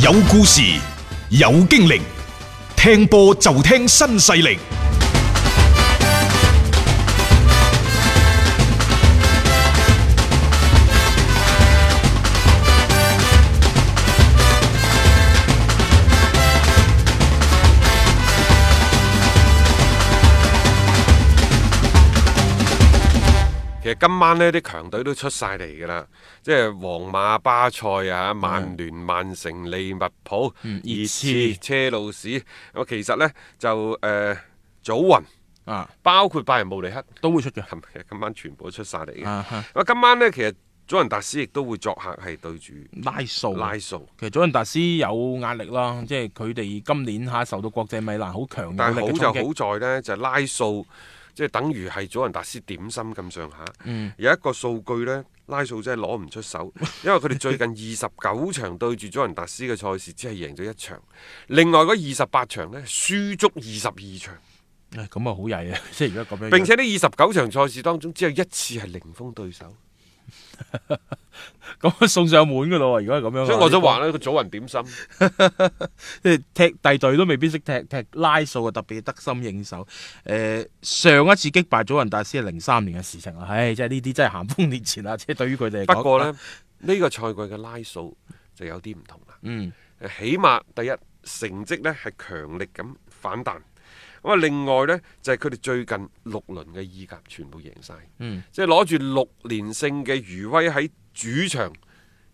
有故事，有經歷，聽波就聽新勢力。今晚呢啲強隊都出晒嚟噶啦，即係皇馬、巴塞啊、曼聯、曼城、利物浦、熱刺、嗯、車路士。咁、嗯、其實呢，就誒、呃，祖雲啊，包括拜仁慕尼黑都會出嘅。其實今晚全部都出晒嚟嘅。咁、啊啊、今晚呢其實。祖雲達斯亦都會作客係，對住拉素，拉素。其實祖雲達斯有壓力啦，即係佢哋今年嚇受到國際米蘭好強，但好就好在呢，就係、拉素，即、就、係、是、等於係祖雲達斯點心咁上下。嗯、有一個數據呢，拉素真係攞唔出手，因為佢哋最近二十九場對住祖雲達斯嘅賽事，只係贏咗一場， 另外嗰二十八場呢，輸足二十二場。誒、哎，咁啊好曳啊！即係而家咁樣，並且呢二十九場賽事當中，只有一次係零封對手。咁啊，送上門噶咯喎！如果係咁樣，所以我都話咧，個哇祖雲點心，即係 踢第隊都未必識踢踢拉素啊，特別得心應手。誒、呃，上一次擊敗祖雲達斯係零三年嘅事情啊，唉、哎，即係呢啲真係咸豐年前啊，即、就、係、是、對於佢哋嚟講。不過呢，呢、這個賽季嘅拉素就有啲唔同啦。嗯，起碼第一成績呢係強力咁反彈。咁啊！另外呢，就係佢哋最近六輪嘅意甲全部贏曬，即係攞住六連勝嘅餘威喺主場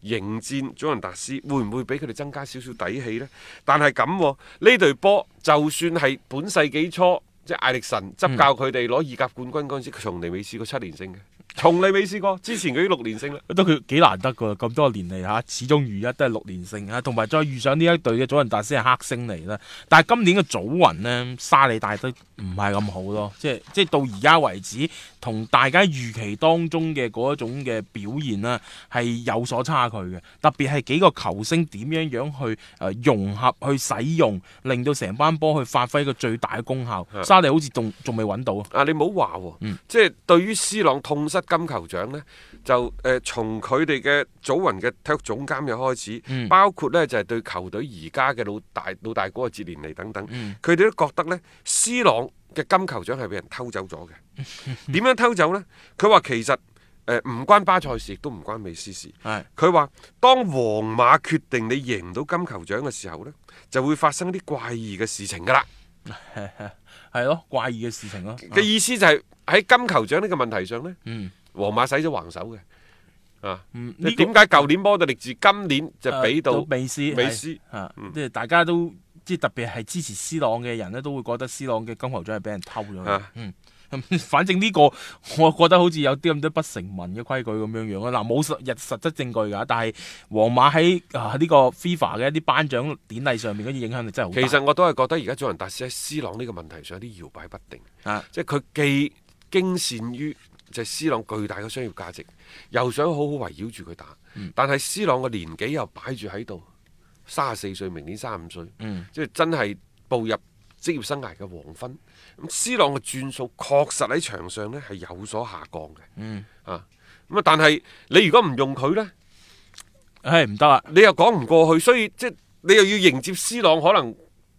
迎戰祖雲達斯，會唔會俾佢哋增加少少底氣呢？但係咁呢隊波，就算係本世紀初，即係艾力臣執教佢哋攞意甲冠軍嗰陣時，佢從嚟未試過七連勝嘅。從嚟未試過，之前佢啲六年勝啦，都佢幾難得噶，咁多年嚟吓，始終如一都係六年勝啊，同埋再遇上呢一隊嘅祖雲達斯係黑星嚟啦。但係今年嘅祖雲呢，沙利大都唔係咁好咯，即係即係到而家為止，同大家預期當中嘅嗰一種嘅表現啦，係有所差距嘅。特別係幾個球星點樣樣去誒融合去使用，令到成班波去發揮個最大嘅功效。的沙利好似仲仲未揾到啊！你唔好話，嗯，即係對於斯朗痛失。金球獎呢，就誒，從佢哋嘅祖雲嘅體育總監又開始，嗯、包括呢就係、是、對球隊而家嘅老大老大哥嘅哲連尼等等，佢哋、嗯、都覺得呢，C 朗嘅金球獎係俾人偷走咗嘅。點 樣偷走呢？佢話其實誒唔、呃、關巴塞事，亦都唔關美斯事。佢話是當皇馬決定你贏唔到金球獎嘅時候呢，就會發生啲怪異嘅事情噶啦。 係咯，怪異嘅事情咯。嘅、啊、意思就係、是、喺金球獎呢個問題上咧，皇、嗯、馬使咗橫手嘅啊。嗯，點解舊年波特力治今年就俾到？美斯、啊？美斯試、哎？啊！即係、嗯、大家都即係特別係支持 C 朗嘅人咧，都會覺得 C 朗嘅金球獎係俾人偷咗啊！嗯。反正呢個我覺得好似有啲咁多不成文嘅規矩咁樣樣咯，嗱，冇實實質證據㗎，但係皇馬喺啊呢、呢個 FIFA 嘅一啲頒獎典禮上面嗰啲影響力真係好大。其實我都係覺得而家祖雲達斯喺 C 朗呢個問題上有啲搖擺不定，啊、即係佢既驚擅於就係 C 朗巨大嘅商業價值，又想好好圍繞住佢打，嗯、但係 C 朗嘅年紀又擺住喺度，三十四歲，明年三十五歲，嗯、即係真係步入。職業生涯嘅黃昏，咁 C 朗嘅轉數確實喺場上呢係有所下降嘅，嗯、啊，咁啊但係你如果唔用佢呢？係唔得啦，你又講唔過去，所以即係你又要迎接 C 朗可能。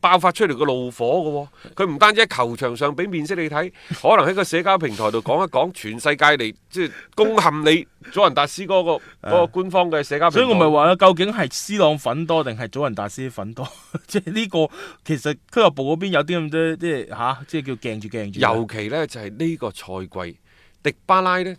爆發出嚟個怒火嘅、哦，佢唔單止喺球場上俾面色你睇，可能喺個社交平台度講一講， 全世界嚟即係攻陷你祖雲達斯、那個嗰 個官方嘅社交平台。平、啊、所以我咪話究竟係 C 朗粉多定係祖雲達斯粉多？即係呢個其實俱樂部嗰邊有啲咁多，即係吓，即、就、係、是、叫鏡住鏡住。尤其咧就係、是、呢個賽季，迪巴拉咧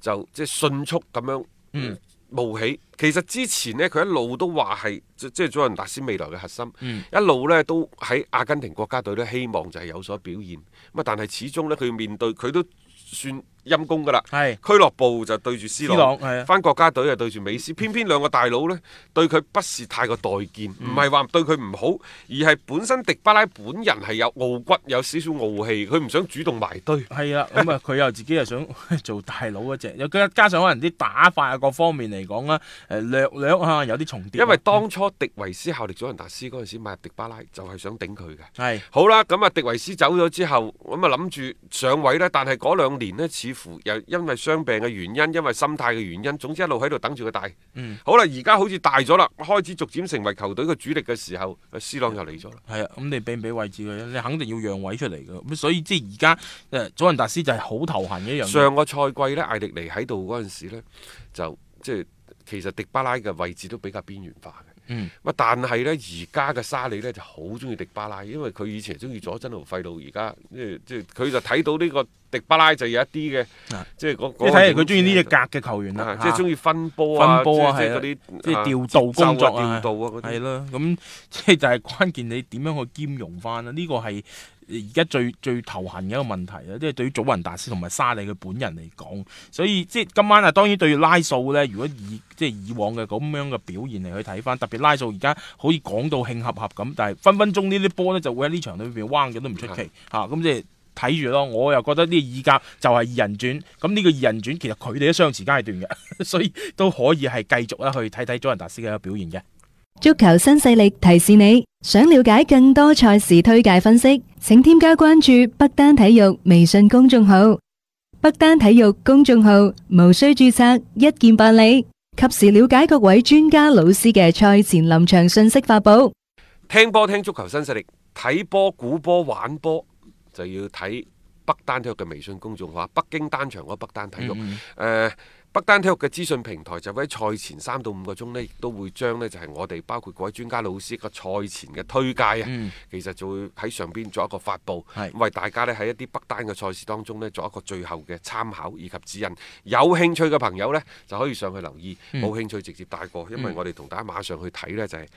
就即係迅速咁樣。嗯嗯冒起，其實之前呢，佢一路都話係即係祖雲達斯未來嘅核心，嗯、一路呢都喺阿根廷國家隊呢，希望就係有所表現。咁啊，但係始終呢，佢面對佢都算陰功㗎喇，是俱樂部就對住 C 朗，C 朗啊、翻國家隊就對住美斯。偏偏兩個大佬呢，對佢不是太過待見，唔係話對佢唔好，而係本身迪巴拉本人係有傲骨，有少少傲氣，佢唔想主動埋堆。係啊，咁啊、 嗯，佢又自己又想做大佬嗰隻，又加上可能啲打法啊各方面嚟講啦，略略啊有啲重疊。因為當初迪維斯效力祖雲達斯嗰陣、嗯、時，買迪巴拉就係想頂佢嘅。係是。好啦，咁、嗯、啊，迪維斯走咗之後，咁啊諗住上位呢。但係嗰兩年呢。似。又因為傷病嘅原因，因為心態嘅原因，總之一路喺度等住佢大。嗯，好啦，而家好似大咗啦，開始逐漸成為球隊嘅主力嘅時候，司朗又嚟咗啦。係、嗯、啊，咁、嗯、你俾唔俾位置佢？你肯定要讓位出嚟嘅。咁所以即係而家，誒、呃、祖雲達斯就係好頭痕一樣。上個賽季呢，艾力尼喺度嗰陣時呢，就即係其實迪巴拉嘅位置都比較邊緣化。乜？嗯、但係咧，而家嘅沙利咧就好中意迪巴拉，因為佢以前中意咗真奴費奴，而家即係即係佢就睇到呢個迪巴拉就有一啲嘅，啊、即係你睇下佢中意呢隻格嘅球員啦，即係中意分波啊，即係嗰啲即係是、啊啊、調度工作啊，啊調度啊嗰啲。係咯、啊，咁即係就係關鍵，你點樣去兼容翻啊？呢、呢個係，而家最最頭痕嘅一個問題啦，即係對於祖雲達斯同埋沙利佢本人嚟講，所以即係今晚啊，當然對於拉素咧，如果以即係以往嘅咁樣嘅表現嚟去睇翻，特別拉素而家可以講到慶合合咁，但係分分鐘呢啲波咧就會喺呢場裏邊彎嘅都唔出奇嚇，咁即係睇住咯。我又覺得呢個意甲就係二人轉，咁呢個二人轉其實佢哋都相似階段嘅， 所以都可以係繼續啦去睇睇祖雲達斯嘅一個表現嘅。足球新勢力提示你，想了解更多賽事推介分析，請添加關注北單體育微信公眾號。北單體育公眾號無需注冊，一鍵辦理，及時了解各位專家老師嘅賽前臨場信息發布。聽波聽足球新勢力，睇波估波玩波，就要睇北單體育嘅微信公眾號北京單場嗰北單體育誒。北單體育嘅資訊平台就喺賽前三到五個鐘咧，亦都會將呢，就係、是、我哋包括各位專家老師個賽前嘅推介啊，嗯、其實就會喺上邊做一個發布，嗯、為大家咧喺一啲北單嘅賽事當中咧做一個最後嘅參考以及指引。有興趣嘅朋友呢，就可以上去留意，冇、嗯、興趣直接帶過，因為我哋同大家馬上去睇呢，就係、是。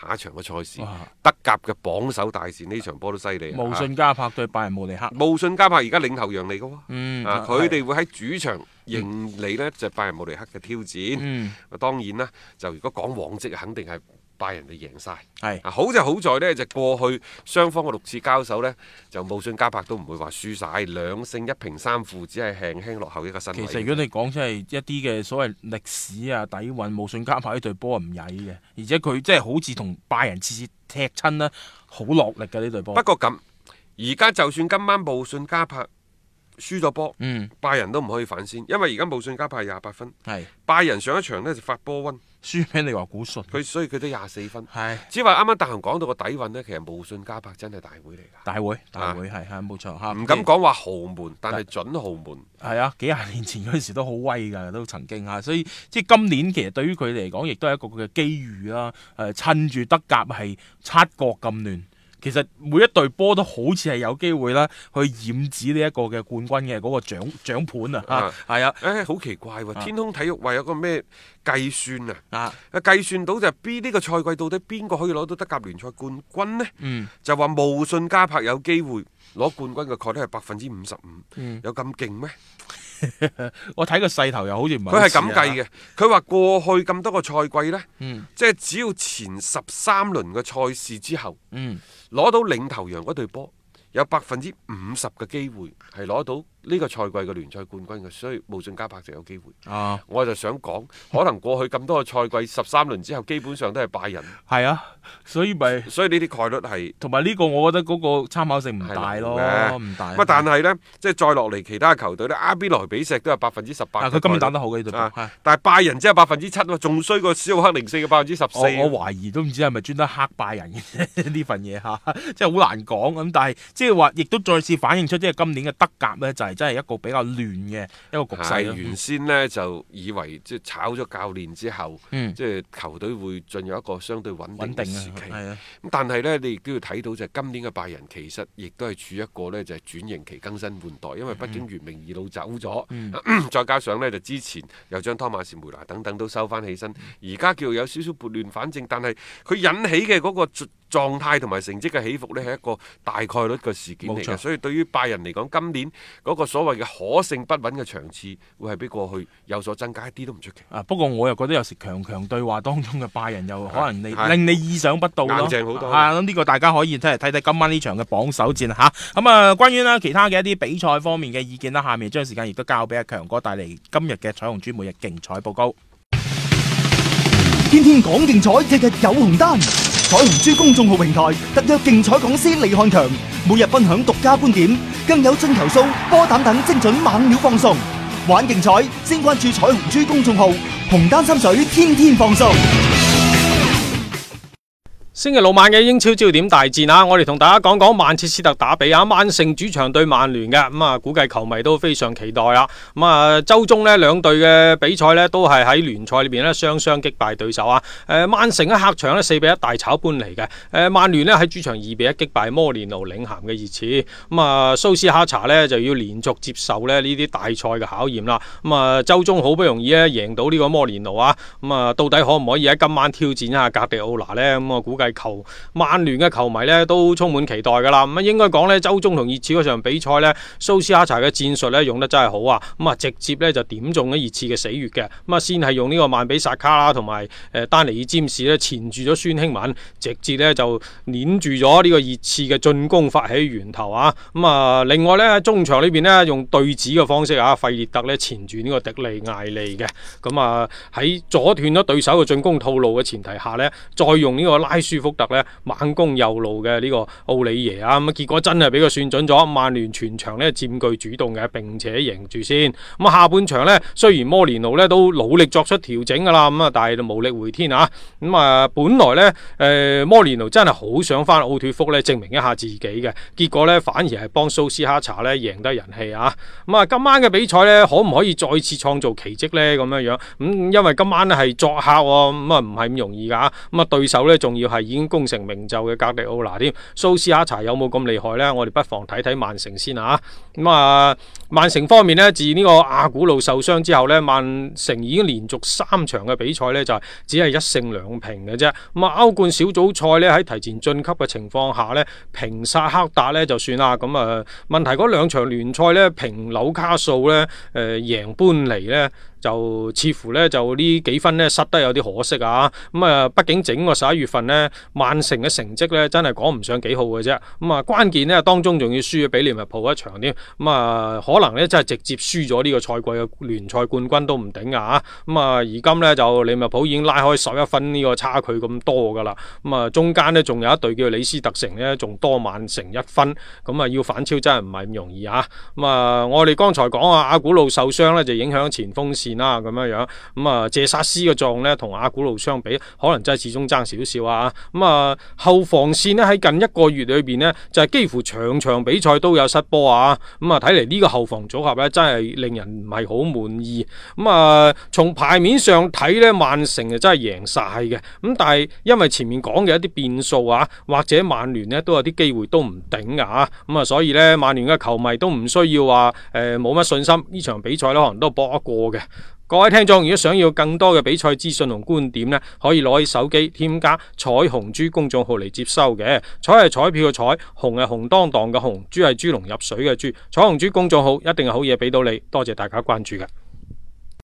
下一場嘅賽事，啊、德甲嘅榜首大戰呢場波都犀利。慕遜加柏對拜仁慕尼黑，慕遜加柏而家領頭羊嚟嘅喎。佢哋會喺主場迎嚟呢、嗯、就拜仁慕尼黑嘅挑戰。嗯，當然啦，就如果講往績，肯定係。拜仁就贏晒，係啊是！好就好在呢，就過去雙方嘅六次交手呢，就慕遜加柏都唔會話輸晒。兩勝一平三負，只係輕輕落後一個身位。其實如果你講出係一啲嘅所謂歷史啊、底蘊，慕遜加柏呢隊波唔曳嘅，而且佢即係好似同拜仁次次踢親呢，好落力嘅呢隊波。不過咁，而家就算今晚慕遜加柏輸咗波，嗯，拜仁都唔可以反先，因為而家慕遜加柏廿八分，係是拜仁上一場呢就發波瘟。書名你話古信，佢所以佢得廿四分，係是只話啱啱大雄講到個底蘊咧，其實無信加伯真係大會嚟噶，大會大會係係冇錯吓，唔、啊、敢講話豪門，是但係準豪門係啊，啊，幾廿年前嗰陣時都好威噶，都曾經吓、啊，所以即係今年其實對於佢嚟講，亦都係一個嘅機遇啦、啊，誒、呃，趁住德甲係七國咁亂。其實每一隊波都好似係有機會啦，去染指呢一個嘅冠軍嘅嗰個獎獎盤啊！啊，係啊，誒、啊欸，好奇怪喎、啊！啊、天空體育話有個咩計算啊？啊，計算到就：B 呢個賽季到底邊個可以攞到德甲聯賽冠軍呢？嗯，就話慕遜加柏，有機會攞冠軍嘅概率係百分之五十五，有咁勁咩？嗯 我睇個勢頭又好似唔係。佢係咁計嘅，佢話過去咁多個賽季呢，嗯、即係只要前十三輪嘅賽事之後，攞、嗯、到領頭羊嗰隊波，有百分之五十嘅機會係攞到，呢個賽季嘅聯賽冠軍嘅，所以慕遜加柏就有機會。啊，我就想講，可能過去咁多個賽季十三輪之後，基本上都係拜仁。係啊，所以咪所以呢啲概率係同埋呢個，我覺得嗰個參考性唔大咯，唔、啊、大。乜不、啊、但係呢，即係再落嚟其他球隊呢，阿比萊比錫都係百分之十八。佢、啊、今年打得好嘅呢度。但係拜仁只係百分之七，仲衰過史奧克零四嘅百分之十四。我懷疑都唔知係咪專登黑拜仁嘅呢份嘢嚇、啊，即係好難講咁。但係即係話，亦、就是、都再次反映出即係今年嘅德甲呢就係、是。真係一個比較亂嘅一個局勢。原先呢就以為即係炒咗教練之後，即係、嗯、球隊會進入一個相對穩定嘅時期。但係呢，你亦都要睇到就係今年嘅拜仁其實亦都係處於一個呢就係、是、轉型期、更新換代。因為畢竟原明二老走咗、嗯，再加上呢，就之前又將托馬士梅拿等等都收翻起身，而家、嗯、叫做有少少撥亂反正。但係佢引起嘅嗰、那個。狀態同埋成績嘅起伏呢係一個大概率嘅事件嚟嘅，所以對於拜仁嚟講，今年嗰個所謂嘅可勝不穩嘅場次，會係比過去有所增加一啲都唔出奇。啊，不過我又覺得有時強強對話當中嘅拜仁又可能令令你意想不到咯，硬淨好多。啊，咁、嗯、呢、這個大家可以睇睇今晚呢場嘅榜首戰嚇。咁啊，啊，關於啦其他嘅一啲比賽方面嘅意見啦，下面將時間亦都交俾阿強哥帶嚟今日嘅彩虹珠每日競彩報告。天天講競彩，日日有紅單。彩虹珠公眾號平台特約競彩講師李漢強，每日分享獨家觀點，更有進球數、波膽等精準猛料放送。玩競彩，先關注彩虹珠公眾號，紅單心水，天天放送。星期六晚嘅英超焦點大戰啊，我哋同大家講講曼徹斯特打比啊，曼城主場對曼聯嘅，咁啊，估計球迷都非常期待啊，咁、嗯、啊，周中咧兩隊嘅比賽咧都係喺聯賽裏邊咧雙雙擊敗對手啊。誒、嗯，曼城喺客場咧四比一大炒般尼嘅，誒、嗯，曼聯咧喺主場二比一擊敗摩連奴領銜嘅熱刺。咁、嗯、啊，蘇斯哈查咧就要連續接受咧呢啲大賽嘅考驗啦。咁、嗯、啊，周中好不容易啊贏到呢個摩連奴啊，咁、嗯、啊到底可唔可以喺今晚挑戰一下格迪奧拿咧？咁、嗯、啊估計。球曼聯嘅球迷咧都充滿期待噶啦，咁啊應該講咧，周中同熱刺嗰場比賽咧，蘇斯哈查嘅戰術咧用得真係好啊，咁、嗯、啊直接咧就點中咗熱刺嘅死穴嘅，咁啊先係用呢個曼比薩卡啦同埋誒丹尼爾詹士咧纏住咗孫興敏，直接咧就黏住咗呢個熱刺嘅進攻發起源頭啊，咁、嗯、啊另外咧中場面呢邊咧用對指嘅方式啊，費列特咧纏住呢個迪利艾利嘅，咁啊喺阻斷咗對手嘅進攻套路嘅前提下咧，再用呢個拉孫。福特咧猛攻右路嘅呢個奧里耶啊，咁結果真係俾佢算準咗，曼聯全場咧佔據主動嘅，並且贏住先。咁下半場咧，雖然摩連奴咧都努力作出調整噶啦，咁啊，但係就無力回天啊。咁啊，本來咧，誒，摩連奴真係好想翻奧脫福咧，證明一下自己嘅，結果咧反而係幫蘇斯哈查咧贏得人氣啊。咁啊，今晚嘅比賽咧，可唔可以再次創造奇跡咧？咁樣樣咁，因為今晚係作客啊，咁啊唔係咁容易噶。咁、嗯、啊，對手咧仲要係。已經功成名就嘅格迪奧拿添，蘇斯卡柴有冇咁厲害呢？我哋不妨睇睇曼城先啊！咁、嗯、啊，曼城方面呢，自呢個阿古路受傷之後呢，曼城已經連續三場嘅比賽呢，就只係一勝兩平嘅啫。咁、嗯、啊，歐冠小組賽呢，喺提前晉級嘅情況下呢，平沙克達呢，就算啦。咁、嗯、啊，問題嗰兩場聯賽呢，平紐卡素呢，誒、呃，贏搬尼呢，就似乎呢，就呢幾分呢，失得有啲可惜啊！咁、嗯、啊，畢竟整個十一月份呢。曼城嘅成績咧，真係講唔上幾好嘅啫。咁、嗯、啊，關鍵呢，當中仲要輸俾利物浦一場添。咁、嗯、啊，可能呢，真係直接輸咗呢個賽季嘅聯賽冠軍都唔頂啊！咁、嗯、啊，而今呢，就利物浦已經拉開十一分呢個差距咁多噶啦。咁、嗯、啊，中間呢，仲有一隊叫李斯特城呢，仲多曼城一分。咁、嗯、啊，要反超真係唔係咁容易啊！咁、嗯、啊、嗯，我哋剛才講啊，阿古路受傷呢，就影響前鋒線啦，咁樣樣。咁啊，嗯、謝薩斯嘅作用呢，同阿古路相比，可能真係始終爭少少啊！咁啊、嗯，後防線呢喺近一個月裏邊呢，就係、是、幾乎場場比賽都有失波啊！咁、嗯、啊，睇嚟呢個後防組合呢，真係令人唔係好滿意。咁、嗯、啊，從、嗯、牌面上睇呢，曼城啊真係贏晒嘅。咁、嗯、但係因為前面講嘅一啲變數啊，或者曼聯呢都有啲機會都唔頂噶吓。咁、嗯、啊，所以呢，曼聯嘅球迷都唔需要話誒冇乜信心呢場比賽呢，可能都搏一過嘅。各位聽眾，如果想要更多嘅比賽資訊同觀點呢，可以攞起手機添加彩虹豬公眾號嚟接收嘅。彩係彩票嘅彩，紅係紅當當嘅紅，豬係豬籠入水嘅豬。彩虹豬公眾號一定係好嘢俾到你，多謝大家關注嘅。